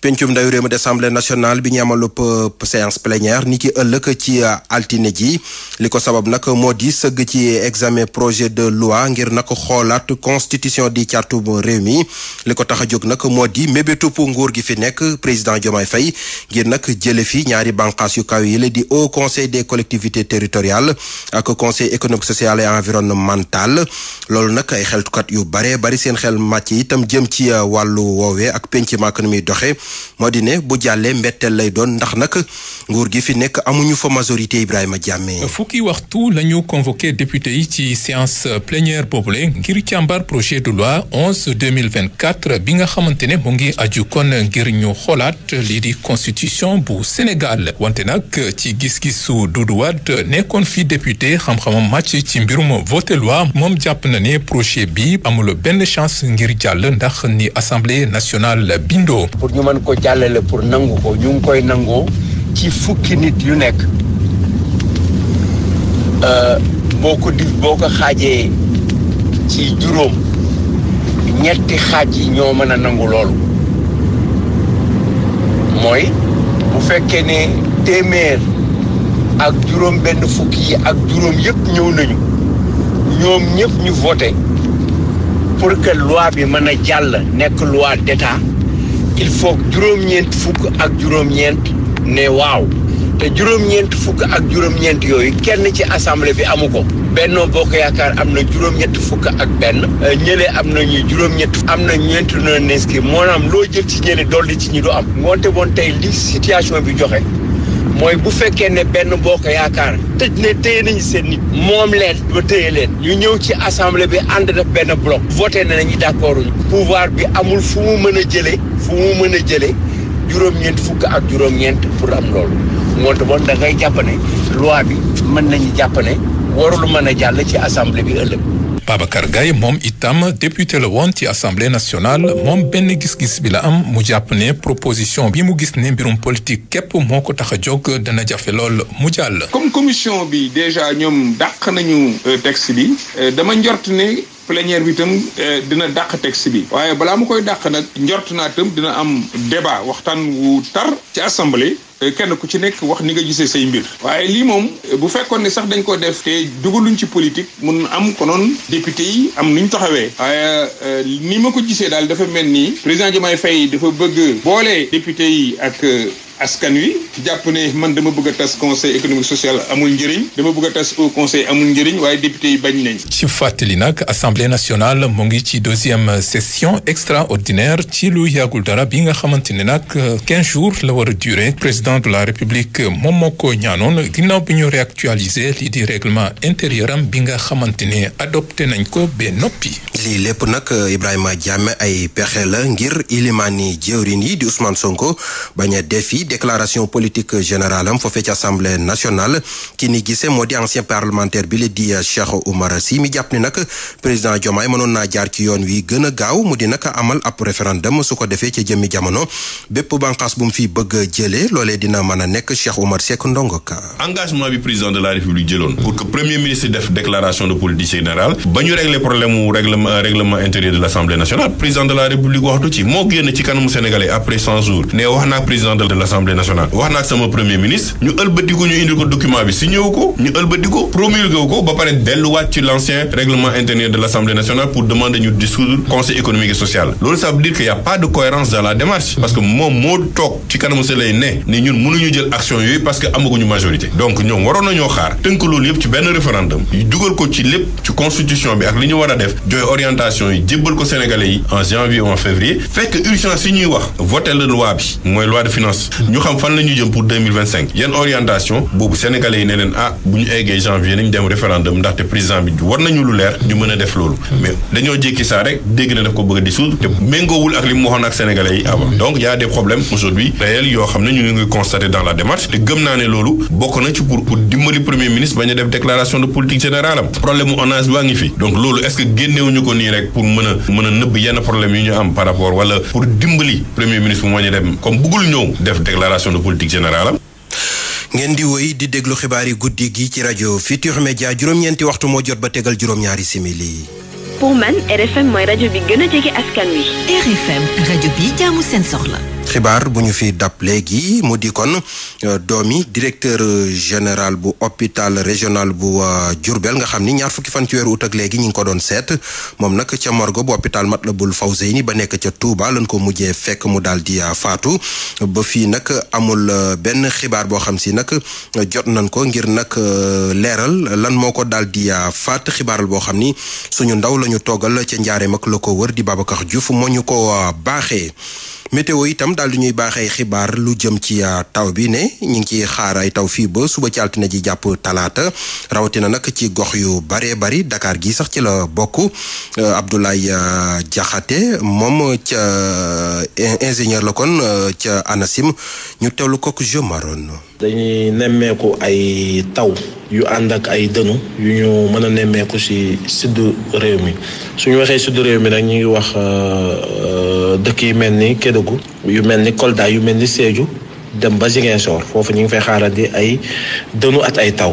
pencum ndawi réew mi d' assemblée nationale bi ñu amalub séance plénière ni ki ëllëg ci euh, altine ji li ko sabab nag moo di sëgg ci examen projet de loi ngir nag xoolaat constitution di cartu réew mi li ko tax a jóg nag moo di mébétup nguur gi fi nekk président Diomaye fay ngir nag jële fi ñaari banqaas yu kaw yi la di haut conseil des collectivités territoriales ak conseil économique social et environnemental loolu nag ay xeltukat yu bare bari seen xel màcc itam jëm ci euh, wàllu muy moo di ne bu jàllee mbetteel lay doon ndax nag nguur gi fi nekk amuñu fa majorité Ibrahima Diame. fukki waxtu la ñu convoqué député yi ci séance plénière boobule ngir càmbar projet de loi 11 2024 bi nga xamante ne mu ngi aju kon ngir ñu xoolaat lii di constitution bu Sénégal wante nag ci gis-gisu Doudou Wade nekkoon fi député xam-xamam màcc ci mbirum voté loi moom jàpp na ne projet bi amul benn chance ngir jàll ndax ni assemblée nationale bindoo. pour ñu mën ko jàllale pour nangu ko ñu koy nangoo ci fukki nit yu nekk euh, boo ko boo ko xaajee ci juróom ñetti xaaj yi ñoo mën a nangu loolu mooy bu fekkee ne téeméer ak juróom benn fukki ak juróom yëpp ñëw nañu ñoom ñëpp ñu voté pour que loi bi mën a jàll nekk loi d'état il faut juróom-ñeent fukk ak juróom-ñeent ne waaw te juróom-ñeent fukk ak juróom-ñeent yooyu kenn ci assemblée bi amu ko Benno Bokk Yaakaar am na juróom-ñett fukk ak benn ñële am na ñuy juróom-ñett am na ñeent non inscrit maanaam loo jël ci ñële dolli ci ñi du am ngoonte boon tey li situation bi joxe mooy bu fekkee ne benn bokk yaakaar tëj ne téye nañu seen nit moom leen ba téye leen ñu ñëw ci assamble bi ànd def benn bloc voté na nañu d'accord pouvoir bi amul fu mu mën a jëlee fu mu mën a jëlee juróom-ñeent fukk ak juróom-ñeent pour am loolu moo moom da ngay jàpp ne loi bi mën nañu jàpp ne warul mën a jàll ci assamble bi ëllëg Babacar Gaye moom itam député la woon ci assemblée nationale moom benn gis-gis bi la am mu jàpp ne proposition bi mu gis ne mbirum politique képp moo ko tax a jog dana jafe lool mu jàll. comme commission bi déjà ñoom dàq nañu euh, texte bi euh, dama njort ne. plénière bi itam euh, dina dàq texte bi waaye balaa mu koy dàq nag njort naa itam dina am débat waxtaan wu tar ci assemblée Euh, kenn ku ci nekk wax ni nga gisee say mbir. waaye lii moom bu fekkoon ne sax dañ ko def te dugaluñ ci politique mun am ko konoon député yi am nuñ taxawee. waaye euh, ni ma ko gisee daal dafa mel ni président Diomaye Faye dafa bëgg boole député yi ak euh, askan wi jàpp ne man dama bëgg a tas conseil économique social amul njëriñ dama bëgg a tas au conseil amul njëriñ waaye député yi bañ nañ. ci fàttali nag assemblée nationale mu ngi ci deuxième session extraordinaire ci lu yàggul dara bi nga xamante ne nag quinze jours la war a durer président de la république moom moo ko ñaanoon ginnaaw bi ñu réactualiser lii di règlement intérieur bi nga xamante ne adopté nañ ko ba noppi. lii lépp nag Ibrahima Diame ay pexe la ngir ilimaani jëwrin yi di Ousmane Sonko bañ di déclaration politique générale am foofee ci assemblée nationale ki ni gisee moo di ancien parlementaire bi la di euh, Cheikh Oumar Sy mi jàpp ni nag président Diomaye mënoon naa jaar ci yoon wi gën a gaaw mu di nag amal ab référendum su ko defee ci jëmmi jamono bépp bànqaas bu mu fi bëgg a jëlee dina mën a nekk Cheikh Oumar Sy ak Ndongo Ka engagement bi président de la république jëloon pour que premier ministre def déclaration de politique générale assemblée nationale wax na ak sama premier ministre ñu ëlbatiku ñu indil ko document bi signé wu ko ñu ëlbatiku promulgué wu ko ba pare delluwaat ci l' ancien règlement de l' nationale pour demander ñu dissoudre conseil économique et loolu ça veut dire a pas de cohérence dans la démarche parce que moom moo toog ci kanamu se lay ne ni ñun mënuñu jël action yooyu parce que amaguñu majorité donc ñoom waroon nañoo xaar tënk loolu yëpp ci benn référendum yi jébbal ko ñu xam fan la ñu jëm pour 2025 yan orientation boobu sénégalais yi ne leen ah bu ñu eggee janvier nañ dem référendum ndaxte président bi war nañu lu leer ñu mën a def loolu mais dañoo jékki saa rek dégg na daf ko bëgg a dissoudre te méngoowul ak li mu ak sénégalais yi avant mm-hmm. donc y a des problèmes aujourd'hui réels yoo xam ne ñu ngi ngi constaté dans la démarche te gëm naa ne loolu bokk na ci pour pour dimbali premier ministre bañ a def déclaration de politique déclaration de politique générale am ngeen di woy di déglu xibaar yi guddi gi ci rajo Futur Media juróom-ñeenti waxtu moo jot ba tegal juróom-ñaari simili. pour man RFM mooy rajo bi gën jege askan wi. RFM rajo bi jaamu seen soxla. xibaar bu ñu fi dab léegi mu di kon euh, doomi directeur général bu hôpital régional bu euh, Diourbel nga xam ni ñaar fukki fan ci weeru ut ak léegi ñu ngi ko doon seet moom nag ca morgue bu hôpital Matlaboul Fawzeyni ba nekk ca Touba lañ ko mujjee fekk mu daal di euh, faatu ba fii nag amul benn xibaar boo xam si nag jot nañ ko ngir nag leeral lan moo ko daal di faat xibaaral boo xam ni suñu ndaw lañu ñu toogal ca njaareem ak la ko wër di Babacar Diouf moo ñu ko baaxee. météo itam daal di ñuy baaxee xibaar lu jëm ci ah, taw bi ne ñu ngi ciy xaar ay taw fii ba suba ci altina ji jàpp talaata rawatina nag ci gox yu baree bari dakaar gi sax ci la bokk euh, Abdoulaye euh, Diakhaté moom ca euh, ingénieur la kon ca ANACIM ñu teewlu kook Jo Maroon dañuy nemmeeku ay taw yu ànd ak ay dënu yu ñu mën a nemmeeku ci sud réew mi suñu waxee sud réew mi nag ñu ngi wax euh, euh, dëkk yu mel ni Kédougou yu mel ni Kolda yu mel ni Sédhiou dem ba Ziguinchor foofu ñu ngi fay di ay dënu at ay taw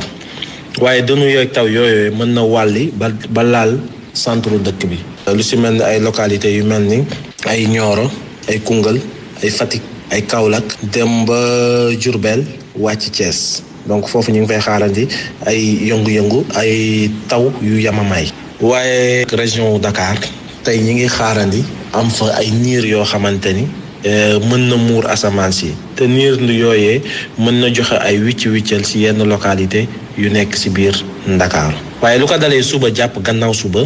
waaye dënu yooyu taw yooyu mën na wàlli ba laal centre dëkk bi. lu si mel ni ay localités yu mel ni ay Nioro ay Koungheul ay Fatick ay Kaolack dem ba Diourbel. wàcc Thiès donc foofu ñu ngi fay xaarandi ay yëngu-yëngu ay taw yu yamamaay waaye région wu Dakar tey ñi ngi xaarandi am fa ay niir yoo xamante ni euh, mën na muur asamaan si te niir lu yooyee mën na joxe ay wicc wiccal si yenn localité yu nekk si biir Ndakaaru waaye lu ko dalee suba jàpp gannaaw suba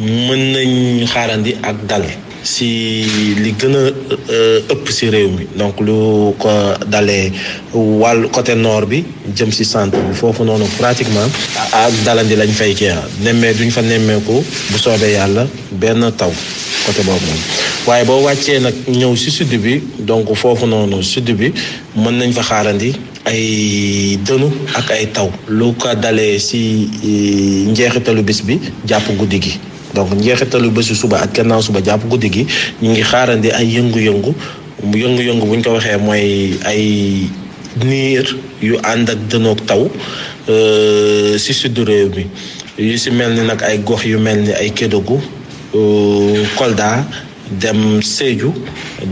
mën nañ xaarandi ak dal si li gën a euh, ëpp si réew mi donc lu ko dalee wàll côté nord bi jëm si centre bi foofu noonu pratiquement ak dalandi lañ fay kii nemmee duñ fa nemmeeku bu soobee yàlla benn taw côté boobu noonu waaye boo wàccee nag ñëw si sud bi donc foofu noonu sud bi mën nañ fa xaarandi ay dënu ak ay taw lu ko dalee si euh, njeexitalu bis bi jàpp guddi gi donc njeexitalu bésu suba ak gannaaw suba jàpp guddi gi ñu ngi xaarandi ay yëngu-yëngu yëngu-yëngu bu ñu ko waxee mooy ay niir yu ànd ak dënoog taw euh, si sud bi yu si mel ni nag ay gox yu mel ni ay Kédougou euh, Kolda dem Sédhiou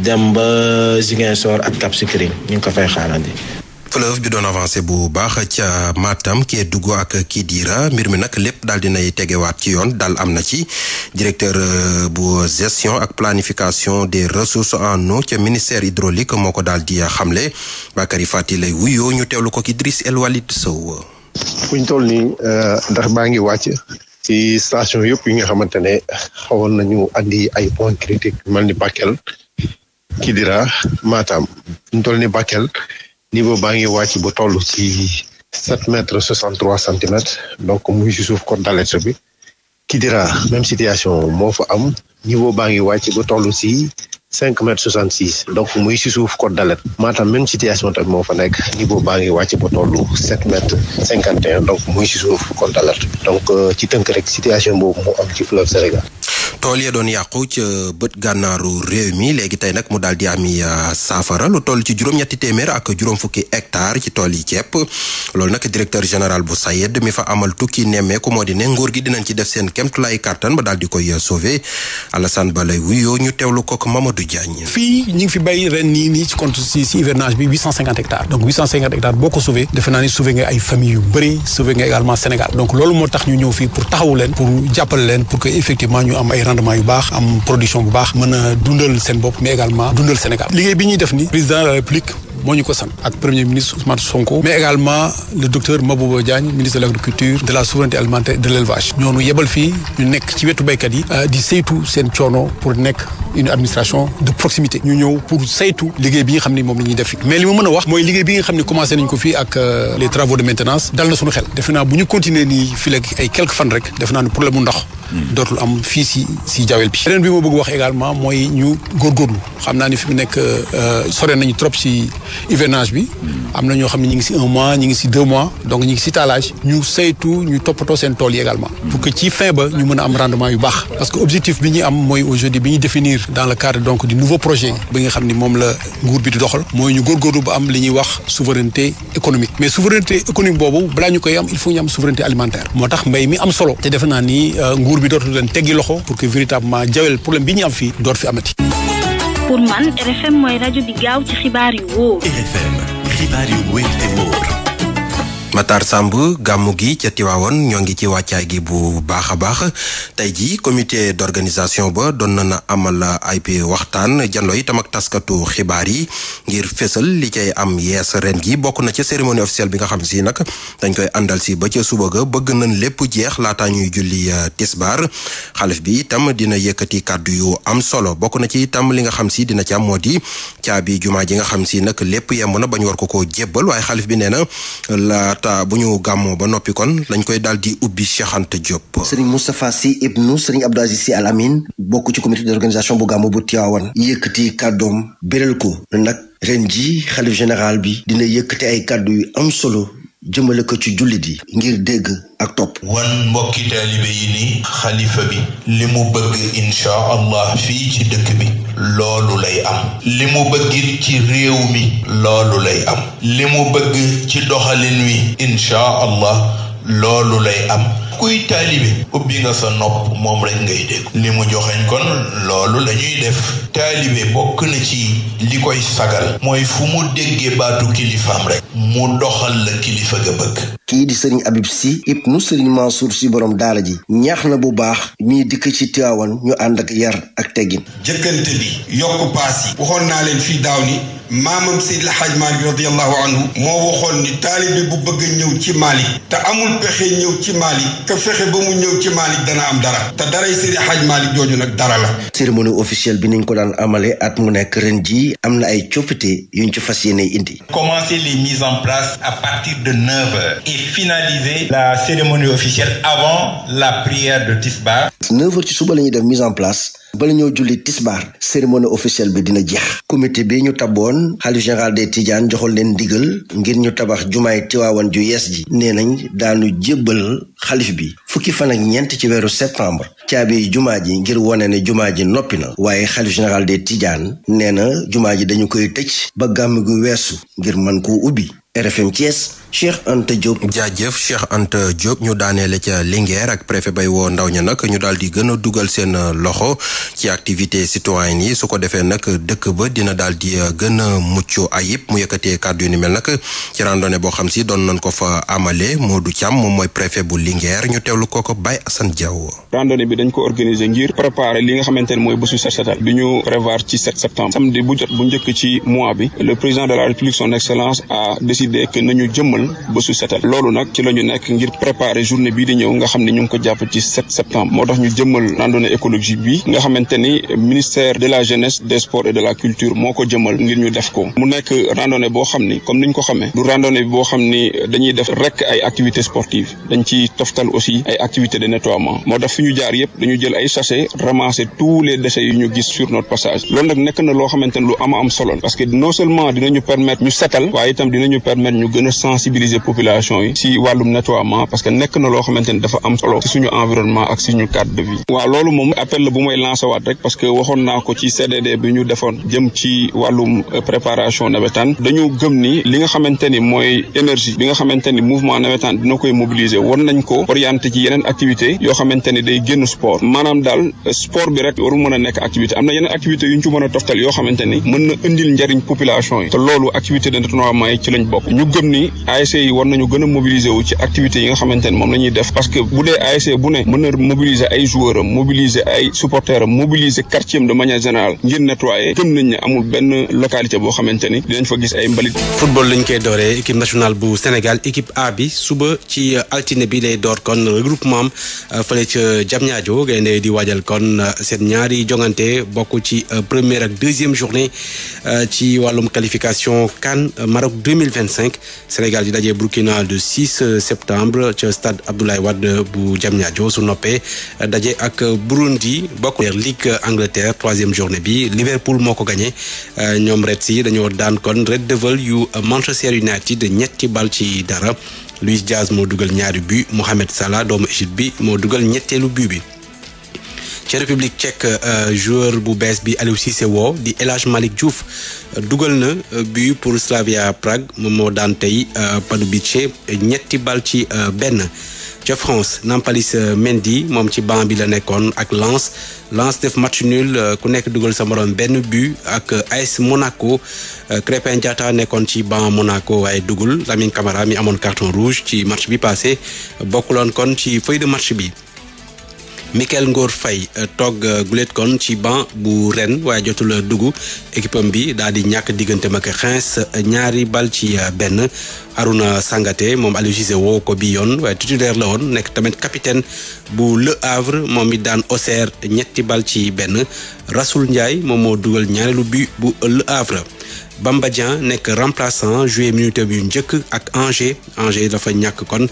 dem ba Ziguinchor ak Cap Skirring ñu ngi ko fay xaarandi. fleuve bi doon avancé bu baax ca Matam Kédougou ak Kidira mbir mi nag lépp daal dinay tegewaat ci yoon daal am na ci directeur euh, bu gestion ak planification des ressources en eau ca ministère hydraulique moo ko daal di xamle Bakary Fati lay wuyoo ñu teelu ko Idriss El Walid Sow fu ñu toll nii euh, ndax baa ngi wàcc ci station yëpp yi nga xamante ne xawoon nañu andi ay point critique mel ni Bakel Kidira Matam fu ñu toll nii Bakel niveau baa ngi wàcc ba toll ci sept mètres soixante trois centimètres donc mu ngi si suuf côte d'Alerte bi Kidira même situation moo fa am niveau baa ngi wàcc ba toll si cinq mètres soixante six donc muy si suuf code d'Alert Matam même situation tamit moo fa nekk niveau baa ngi wàcc ba tollu sept mètres cinquante et un donc si suuf code d'Alert donc euh, ci tënk rek situation boobu moo am ci fleuve Sénégal tool yee doon yàqu ca euh, bët gànnaaru réew mi léegi tey nag mu daal di ami euh, saafara lu toll ci juróom-ñetti téeméer ak juróom fukki hectare ci tool yi ceeb loolu nag directeur général bu SAED mi fa amal tukki nemmeeku moo di ne nguur gi dinañ ci def seen kemtulaay kàttan ba daal di koy sauver Mamadou fii ñu ngi fi bay ren nii nii ci compte si si bi 850 donc 850 boo ko sauvé defe naa ne sauvé nga ay famille yu bëri sauvé nga également Sénégal donc loolu moo tax ñu ñëw fii pour taxawu leen pour jàppale leen pour que effectivement ñu am ay rendement yu baax am production bu baax mën a dundal seen bopp mais également dundal Sénégal liggéey bi ñuy def ni président la République moo ñu ko sant ak premier ministre Ousmane Sonko mais également le docteur Mabouba Diagne ministre de l' agriculture de la souveraineté alimentaire de l' élevage ñoonu yebal fii ñu nekk ci wetu béykat yi euh, di saytu seen coono pour nekk une administration de proximité ñu ñëw pour saytu liggéey bi nga xam ne moom la ñu def mais li ma mën a wax mooy liggéey bi nga xam ne commencé nañ ko fii ak euh, les travaux de maintenance dal na suñu xel defe naa bu ñu continuer fan rek defe naa ne problème mu am fii si si jawel bi beneen bi ma bëgg wax également mooy ñu góorgóorlu xam naa ni fi mu nekk euh, sore nañu trop si hivernage bi. am na ñoo xam ne ñu ngi si un mois ñu ngi si deux mois donc ñu ngi si taalage. ñu saytu ñu toppatoo seen tool yi également. pour que ci fin ba ñu mën a am rendement yu baax. parce que objectif bi ñu am mooy aujourd'hui bi ñu définir. dans le cadre donc du nouveau projet. bi nga xam ni moom la nguur bi di doxal. mooy ñu góorgóorlu bu am li ñuy wax souveraineté économique. mais souveraineté économique boobu balaa ñu koy am il faut ñu am souveraineté alimentaire. moo tax mbéy mi am solo. te naa ni euh, nguur bi dootu leen loxo pour que véritablement jawel problème bi ñu am fii doot fi amati. pour man RFM mooy rajo bi gaaw ci xibaar yu wóor. RFM xibaar yu wér te wóor. Matar Samb gàmmu gi ca Tiwaawoon ñoo ngi ci wàccaay gi bu baax a baax tey jii comité d'organisation ba doon na na amal ay waxtaan janloo itam ak taskatu xibaar yi ngir fésal li cay am yees ren gi bokk na ca cérémonie officielle bi nga xam si nag dañ koy àndal si ba ca suba ga bëgg nañ lépp jeex laataa ñuy julli euh, tisbaar xalif bi itam dina yëkkati kàddu yu am solo bokk na ci itam li nga xam si dina ci am moo di caabi jumaa ji nga xam si nag lépp yemb na ba ñu war ko koo jébbal waaye xalif bi nee na laata bu ñu gàmmoo ba noppi kon lañ koy daal di ubbi Cheikh Anta Diop. Serigne Moustapha Sy ibnu Serigne Abdou Aziz Sy Al Amin bokk ci comité d'organisation bu gàmmu bu Tiwaawan yëkkati kàddoom béral ko nag ren ji xalif général bi dina yëkkati ay kàddu yu am solo jëmale ko ci jullit yi ngir dégg ak topp wan mbokki taalibe yi ni xalifa bi li mu bëgg insha allah fii ci dëkk bi loolu lay am li mu bëggit ci réew mi loolu lay am li mu bëgg ci doxalin wi insha allah loolu lay am kuy taalibe ubbi nga sa nopp moom rek ngay dégg li mu joxeñ kon loolu la ñuy def taalibe bokk na ci li koy sagal mooy fu mu déggee baatu kilifaam rek mu doxal la kilifa ga bëgg kii di sëriñ Abib Si ibnu sëriñ Mansour si borom daala ji ñaax na bu baax mii dikk ci Tiwaawan ñu ànd ak yar ak teggin jëkkante bi yokk paas yi waxoon naa leen fi daaw ni maamam Seydil Hadj Malick radiyallahu anhu moo waxoon ni taalibe bu bëgg ñëw ci Malick te amul pexe que fexe ba mu ñëw ci Malick dana am dara te daray Seydi Hadj Malick jooju nag dara la. cérémonie officielle bi niñ ko daan amalee at mu nekk ren jii am na ay yu ñu ci fas yéene indi. commencer les mises en place à partir de neuf heures et finaliser la cérémonie officielle avant la prière de Tisba. neuf heures ci suba la ñuy def mise en place. bala ñoo julli tisbaar cérémonie officielle bi dina jeex comité bi ñu taboon xalif général des Tidiane joxoon leen ndigal ngir ñu tabax jumaay Tiwaawan ju yees ji nee nañ daanu jébbal xalif bi fukki fan ak ñeent ci weeru septembre caabi jumaa ji ngir wane ne jumaa ji noppi na waaye xalif général des Tidiane nee na jumaa ji dañu koy tëj ba gàmm gu weesu ngir mën koo ubbi RFM Thiès Cheikh Anta Diop. jaajëf Cheikh Anta Diop ñu daaneele ca Linguère ak préfet bay woo ndaw ña nag ñu daal di gën a dugal seen euh, loxo ci activité citoyenne yi su ko defee nag dëkk ba dina daal di euh, gën a mucc ayib mu yëkkatee kàddu yu ni mel nag ci randonnée boo xam si doon nañ ko fa amale moo du moom mooy préfet bu Linguère ñu teewlu ko ko Baye Assane Diaw. bi dañ ko organiser ngir préparer li nga xamante mooy bésu set setal bi ñu prévoir ci 7 septembre samedi bu jot njëkk ci mois bi le président de la république son excellence a décidé que nañu jëmmal bésu setal loolu nag ci la nekk ngir préparer journée bii di ñëw nga xam ne ñu ngi ko jàpp ci 7 septembre moo tax ñu jëmmal randonnée écologique bi nga xamante ministère de la jeunesse des sports et de la culture moo ko jëmmal ngir ñu def ko mu nekk randonnée boo xam ni comme niñ ko xamee du randonnée xam ni dañuy def rek ay activités sportives dañ ci toftal aussi ay activités de nettoiement moo tax fi ñu yëpp dañu jël ay sachet ramasser tous les déchets yu ñu gis sur notre passage loolu nekk na loo xamante lu ama am solo parce que non seulement dinañu permettre ñu setal waaye itam dinañu permettre ñu gën a sensibiliser population yi si wàllum nettoiement parce que nekk na loo xamante dafa am solo si suñu environnement ak suñu cadre de vie waaw loolu moom appel bu may lancer rek parce que waxoon naa ko ci CDD bi ñu defoon jëm ci wàllum euh, préparation nawetaan dañu li nga xamante ni mooy énergie bi nga xamante ni mouvement nawetaan dina koy mobiliser war nañ ko orienter ci yeneen activité sport maanaam daal euh, sport bi rek waru mën a nekk activité am na yeneen activité yu ñu ci mën a toftal yoo xamante ni mën na indil njariñ population yi te loolu activité de détournement yi ci yi a mobiliser nga xamante moom la ñuy def parce que bu dee ASC bu ne mën na mobiliser ay joueurs am ay supporters am quartier am de manière générale ngir nettoyer gëm nañ ne amul benn localité boo xamante dinañ fa gis ay mbalit football lañ koy euh, door aju gaynde di waajal kon uh, seen ñaari jongante bokk ci uh, première ak deuxième journée uh, ci wàllum qualification CAN Maroc 2025 Sénégal di daje Burkina le 6 septembre ca stade Abdoulaye Wade bu Diamniadio su noppee daje ak Burundi bokk Ligue Angleterre troisième journée bi Liverpool moo ko gagné ñoom Reds si dañoo daan kon Red Devil yu Manchester United ñetti bal ci dara Luis Diaz moo dugal ñaari but Mohamed Salah doomu Égypte bi moo dugal ñetteelu but bi. ci république tchèque euh, joueur bu bees bi Aliou Cissé woo di El Hadj Malick euh, dugal na euh, but pour Slavia Prague moom moo daan tey Pardubice ñetti bal ci benn. ca France Nampalys euh, Mendy moom ci banc bi la nekkoon ak Lens Lens def match nul euh, ku nekk dugal sa morom benn bu ak euh, AS Monaco Crépin Diatta nekkoon ci banc Monaco waaye dugul Lamine Camara mi amoon carton rouge ci match bi passé bokkuloon kon ci feuille de match bi. Mikel Ngor fay euh, toog euh, gulet kon ci banc bu ren waaye jotul euh, dugg équipe am bi daal di ñàkk diggante ma ak Reims ñaari bal ci benn Aruna Sangate moom Aliou Cissé woo ko bi yoon waaye titulaire la woon nekk tamit capitaine bu Le Havre moom it daan Auxerre ñetti bal ci benn rasul Ndiaye moom moo dugal ñaareelu but bu Le Havre Bamba Dieng nekk remplaçant joué minute yu njëkk ak Angers Angers dafa ñàkk kon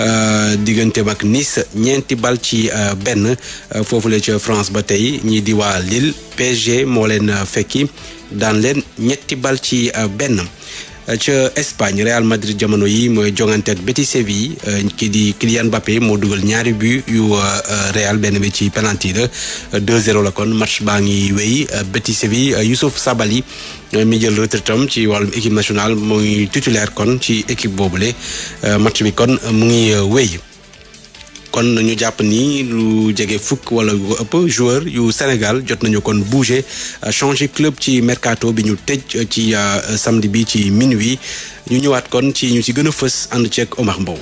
euh, digganteem ak Nice ñeenti bal ci euh, benn euh, foofu la ca France ba tey ñii diwaa waa Lille moo leen fekki daan leen ñetti bal ci benn. ca Espagne Real Madrid jamono yi mooy jongante beti Betis Séville euh, kii di Kylian Mbappé moo dugal ñaari bu yu euh, euh, Real benn bi ci penalty la 2-0 la kon match baa ngi wéy Betis Séville Youssouf Sabaly mi jël retraitam ci wàllum équipe nationale mu ngi titulaire kon ci équipe boobule match bi kon mu ngi wéy. kon nañu jàpp ni lu jege fukk wala lu ëpp joueur yu Sénégal jot nañu kon bouger euh, changer club ci mercato bi ñu tëj euh, ci euh, samedi bi ci minuit ñu ñëwaat kon ci ñu ci gën a fës ànd ceeg Omar Mbow.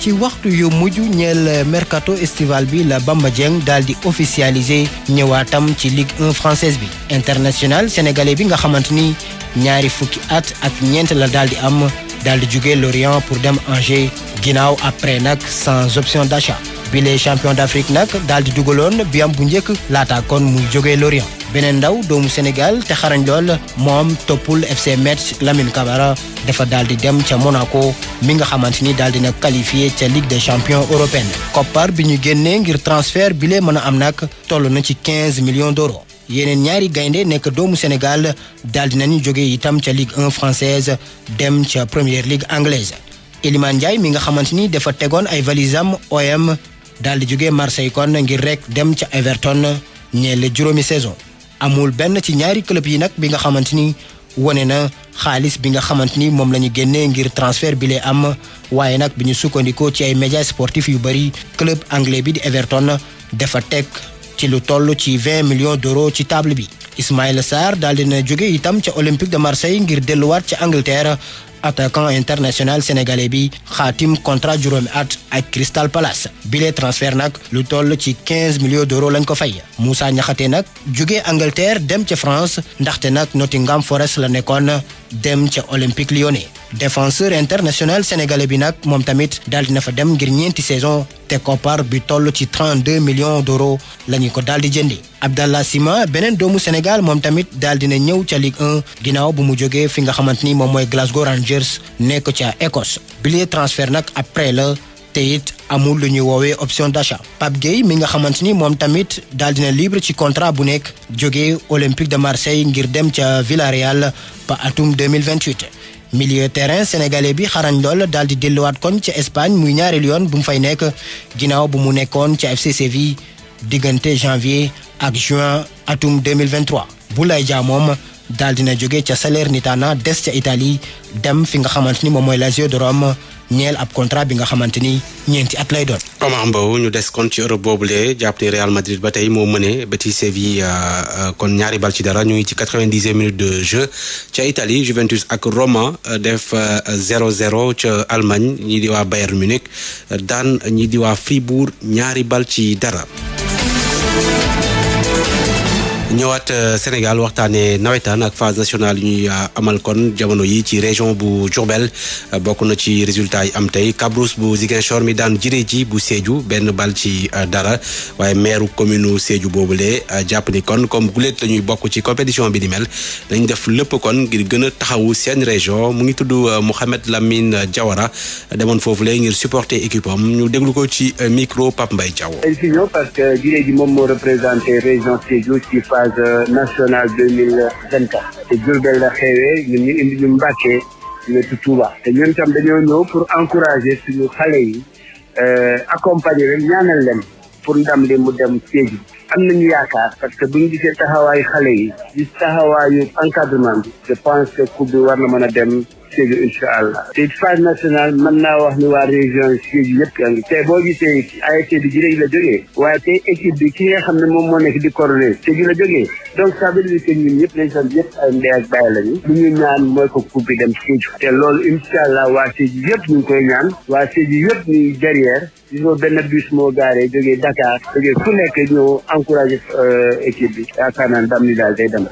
ci waxtu yu mujj ñeel mercato estival bi la Bamba Dieng daal di officialiser ñëwaatam ci Ligue française bi international sénégalais bi nga xamante ni ñaari fukki at ak ñeent la daal di am. daal di jugee Lorient pour dem Angers ginnaaw après nag sans option d'achat bi les champion d'Afrique nag daal di dugaloon bi am bu njëkk laata kon muy jógee Lorient beneen ndaw doomu Sénégal te xarañ lool moom toppul FC Metz Lamine Camara dafa daal di dem ca Monaco mi nga xamante ni daal di na qualifié ca Ligue de champions européenne koppar bi ñu génnee ngir transfert bi mën a am nag toll na ci 15 millions d'euros yeneen ñaari gaynde nekk doomu Sénégal daal di nañu jóge itam ca Ligue un française dem ca Première Ligue anglaise Elimane Ndiaye mi nga xamante ni dafa tegoon ay valisam OM daal di jóge Marseille kon ngir rek dem ca Everton ñeele juróomi saison amul benn ci ñaari club yi nag bi nga xamante ni wane na xaalis bi nga xamante ni moom la ñu génnee ngir transfert bi am waaye nag bi ñu sukkandikoo ci ay médias sportifs yu bëri club anglais bi di Everton dafa teg ci lu toll ci 20 millions d'euros ci table bi Ismaïla Sarr daal dina jóge itam ca Olympique de Marseille ngir delluwaat ca Angleterre attaquant international sénégalais bi xaatim contrat juróomi at ak Crystal Palace bile transfert nag lu toll ci 15 millions d'euros lañ ko fay musa Niakhaté nag jóge Angleterre dem ca France ndaxte nag Nottingham Forest la nekkoon dem ca Olympique Lyonnais défenseur international sénégalais bi nag moom tamit daal dina fa dem ngir ñeenti saison te koppar bi toll ci 32 millions d'euros la ñu ko daal di jëndi Abdallah siman beneen doomu Sénégal moom tamit daal dina ñëw ca Ligue ginnaaw bu mu jógee fi nga xamante ni moom mooy Glasgow Rangers nekk ca Écosse billet transfert nag après la te it amul lu ñuy woowee option d'achat Pape Gueye mi nga xamante ni moom tamit daal dina libre ci contrat bu nekk jóge Olympique de Marseille ngir dem ca Villarreal ba atum 2028 milieu terrain sénégalais bi xarañ lool daal di delluwaat kon ca Espagne muy ñaareelu yoon bu mu fay nekk ginnaaw bu mu nekkoon ca FC Séville diggante janvier ak juin atum bu lay Dia moom daal dina jóge ca Salernitana des ca Italie dem fi nga xamante ni moom mooy Lazio de Rome ñeel ab contrat bi nga xamante ni ñeenti at lay doon. Omar Mbow ñu des kon ci Europe boobule jàpp ne Real Madrid ba tey moo mëne ba ci Séville euh, euh, kon ñaari bal ci dara ñu ngi ci quatre-vingt-dixième minute de jeu ca Italie Juventus ak Roma euh, def zéro zéro ca Allemagne ñii di waa Bayern Munich daan ñii di waa Fribourg ñaari bal ci dara. ñëwaat euh, Sénégal waxtaanee nawetaan ak phase nationale yu ñuy euh, amal kon jamono yi ci région bu Diourbel euh, bokk na ci résultat yi am tey Kabrousse bu Ziguinchor mi daan jire ji bu Sédhiou benn bal ci dara waaye maire commune Sédhiou boobule jàpp ni kon comme guléet la ñuy bokk ci compétition bi ni mel dañ def lépp kon ngir gën a taxawu seen région mu ngi tudd Mouhamed Lamine Diawara demoon foofu le ngir supporter équipe ñu déglu ko ci micro Pape Mbaye village euh, national deux mille vingt quatre te Diourbel la xewee ñun ñu indi ñu Touba te ñun tam dañoo ñëw pour encourager suñu xale yi euh, accompagner leen ñaanal leen pour ndam li mu dem Sédhiou am nañu yaakaar parce que bu ñu gisee taxawaayu xale yi gis taxawaayu encadrement bi je pense que coupe bi war na mën a dem Sédhiou incha allah te phase nationale mën naa wax ni waa région Sédhiou ngi te boo gisee ASC bi Juré la jógee waaye tey équipe bi ki nga xam ne moom moo nekk di coordonné Sédhiou la jógee donc ça veut dire que ñun ñëpp lañ sant yëpp ay ndey ak bàyyi lañu lu ñaan mooy ko coupe bi dem Sédhiou te loolu incha allah waa Sédhiou yëpp ñu koy ñaan waa Sédhiou yëpp ñu ngi derrière disons benn bus moo gaaree jógee Dakar jógee fu nekk ñëw encouragé euh, équipe bi yaakaar naa ndam li daal day dem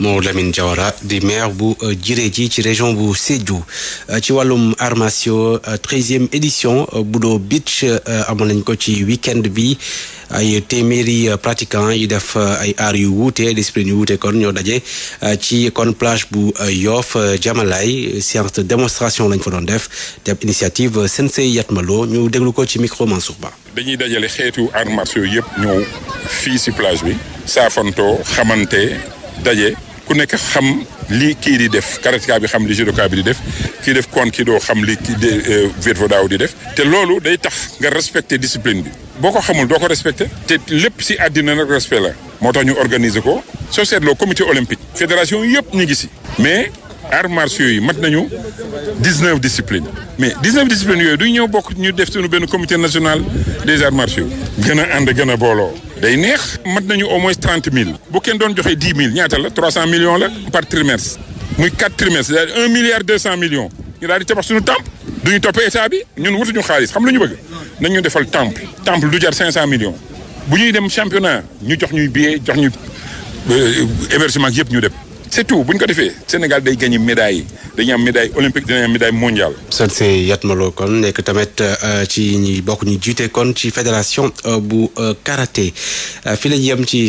moo Lamine Diawara di maire bu euh, jiree ji ci région bu Sédhiou euh, ci wàllum armatio euh, treizième édition Budo Beach amoon nañ ko ci week-end bi ay téeméeri pratiquant yi def ay aar yu wuute discipline yu wuute kon ñoo daje ci kon plage bu Yoff Jamalay séance de démonstration lañ fa doon def te initiative Sensei Yatmalo ñu déglu ko ci micro Mansour Ba dañuy dajale xeetu arts martiaux yëpp ñëw fii si plage bi saafantoo xamante daje ku nekk xam li kii di def karatika bi xam li judoka bi di def kii def kon kii doo xam li kii de euh, Viet di def te loolu day tax nga respecter discipline bi boo ko xamul doo ko respecté te lépp si àddina nag respect la moo tax ñu organiser ko soo seetloo comité olympique fédération yëpp ñu ngi si mais arts martiaux yi mat nañu dix-neuf disciplines mais dix-neuf disciplines yooyu du ñëw bokk ñu def suñu benn comité national des arts martiaux gën a ànd gën a booloo day neex mat nañu au moins trente mille bu kenn doon joxe dix mille ñaata la trois cent millions la par trimestre muy quatre trimestres c'est-à-dire un milliard deux cent millions ñu daal di tabax suñu temple duñu toppee état bi ñun wutuñu xaalis xam lu ñu bëgg nañ ñu defal temple temple du jar cinq cent millions bu ñuy dem championnat ñu jox ñuy billet jox ñuy euh, hébergement yëpp ñu dem. c'est tout bu ñu ko defee Sénégal day gagné médaille dañuy am médaille olympique dinañ am médaille mondiale. Sensé Yatmaloo kon nekk tamit euh, ci ñi bokk ñu jiite kon ci fédération euh, bu euh, karaté fi la yem ci.